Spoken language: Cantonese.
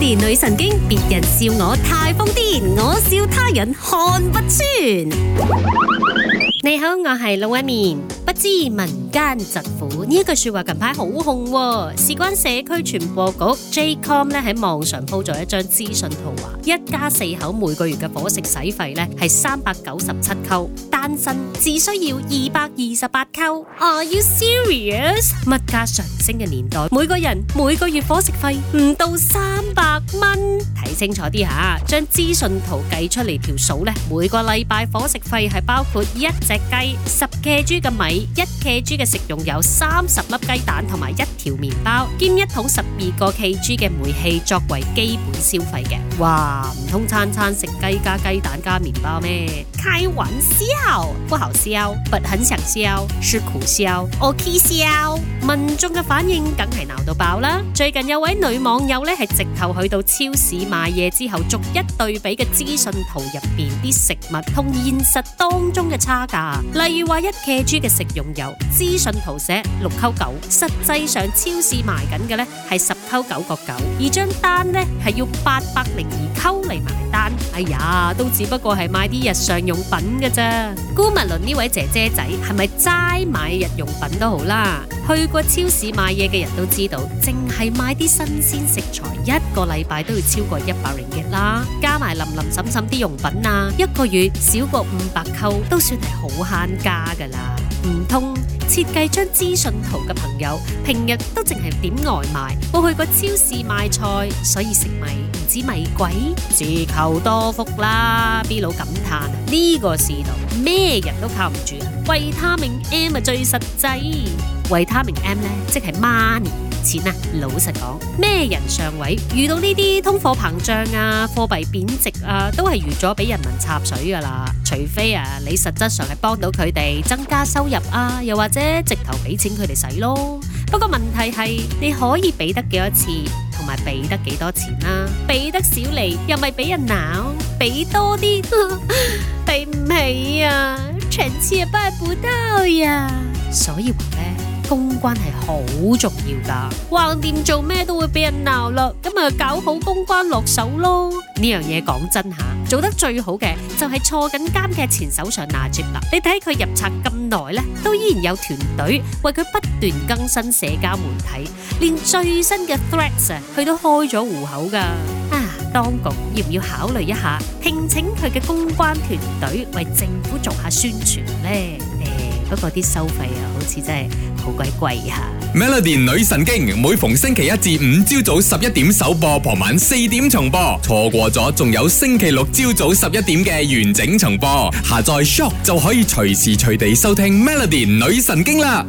年女神經，別人笑我太瘋癲，我笑他人看不穿。你好，我係龍紋敏，不知民間疾苦呢句說話近排好紅喎，事關社區傳播局 Jcom 咧喺網上鋪咗一張資訊圖畫，一家四口每個月嘅伙食使費咧係三百九十七扣。單身只需要二百二十八扣。Are you serious？物價上升嘅年代，每個人每個月伙食費唔到三百蚊。睇清楚啲吓，將資訊圖計出嚟條數呢，每個禮拜伙食費係包括一隻雞、十公斤嘅米、一公斤嘅食用油、三十粒雞蛋同埋一條麵包，兼一桶十二個公斤嘅煤氣作為基本消費嘅。哇，唔通餐餐食雞加雞蛋加麵包咩？開玩笑。不好笑，不很想笑，是苦笑，我譏、okay, 笑，民眾嘅反應梗係鬧到爆啦。最近有位女網友呢，係直頭去到超市買嘢之後，逐一對比嘅資訊圖入邊啲食物同現實當中嘅差價，例如話一 KG 嘅食用油，資訊圖寫六蚊九，實際上超市賣緊嘅呢係十蚊九個九，9. 9, 而張單呢係要八百零二蚊嚟買。哎呀，都只不過係買啲日常用品嘅啫。姑勿論呢位姐姐仔係咪齋買日用品都好啦，去過超市買嘢嘅人都知道，淨係買啲新鮮食材一個禮拜都要超過一百零一啦，加埋淋淋滲滲啲用品啊，一個月少過五百扣都算係好慳家噶啦，唔通，設計張資訊圖嘅朋友，平日都淨係點外賣，冇去過超市買菜，所以食米唔知米貴，自求多福啦。B 佬感嘆呢、這個市道咩人都靠唔住啊，維他命 M 啊，最實際，維他命 M 咧即係 money。錢啊，老實講，咩人上位？遇到呢啲通貨膨脹啊、貨幣貶值啊，都係預咗俾人民插水噶啦。除非啊，你實質上係幫到佢哋增加收入啊，又或者直頭俾錢佢哋使咯。不過問題係，你可以俾得幾多次，同埋俾得幾多錢啦、啊？俾得少嚟又咪俾人鬧，俾多啲俾唔起啊！臣妾辦不到呀、啊！所以話呢。公關係好重要噶，橫掂做咩都會俾人鬧啦，咁咪搞好公關落手咯。呢樣嘢講真吓，做得最好嘅就係坐緊監嘅前首相納吉啦。你睇佢入冊咁耐咧，都依然有團隊為佢不斷更新社交媒體，連最新嘅 Threads 佢都開咗戶口噶。啊，當局要唔要考慮一下聘請佢嘅公關團隊為政府做下宣傳呢？不過啲收費啊，好似真係好鬼貴啊！Melody 女神經每逢星期一至五朝早十一點首播，傍晚四點重播，錯過咗仲有星期六朝早十一點嘅完整重播。下載 Shock 就可以隨時隨地收聽 Melody 女神經啦！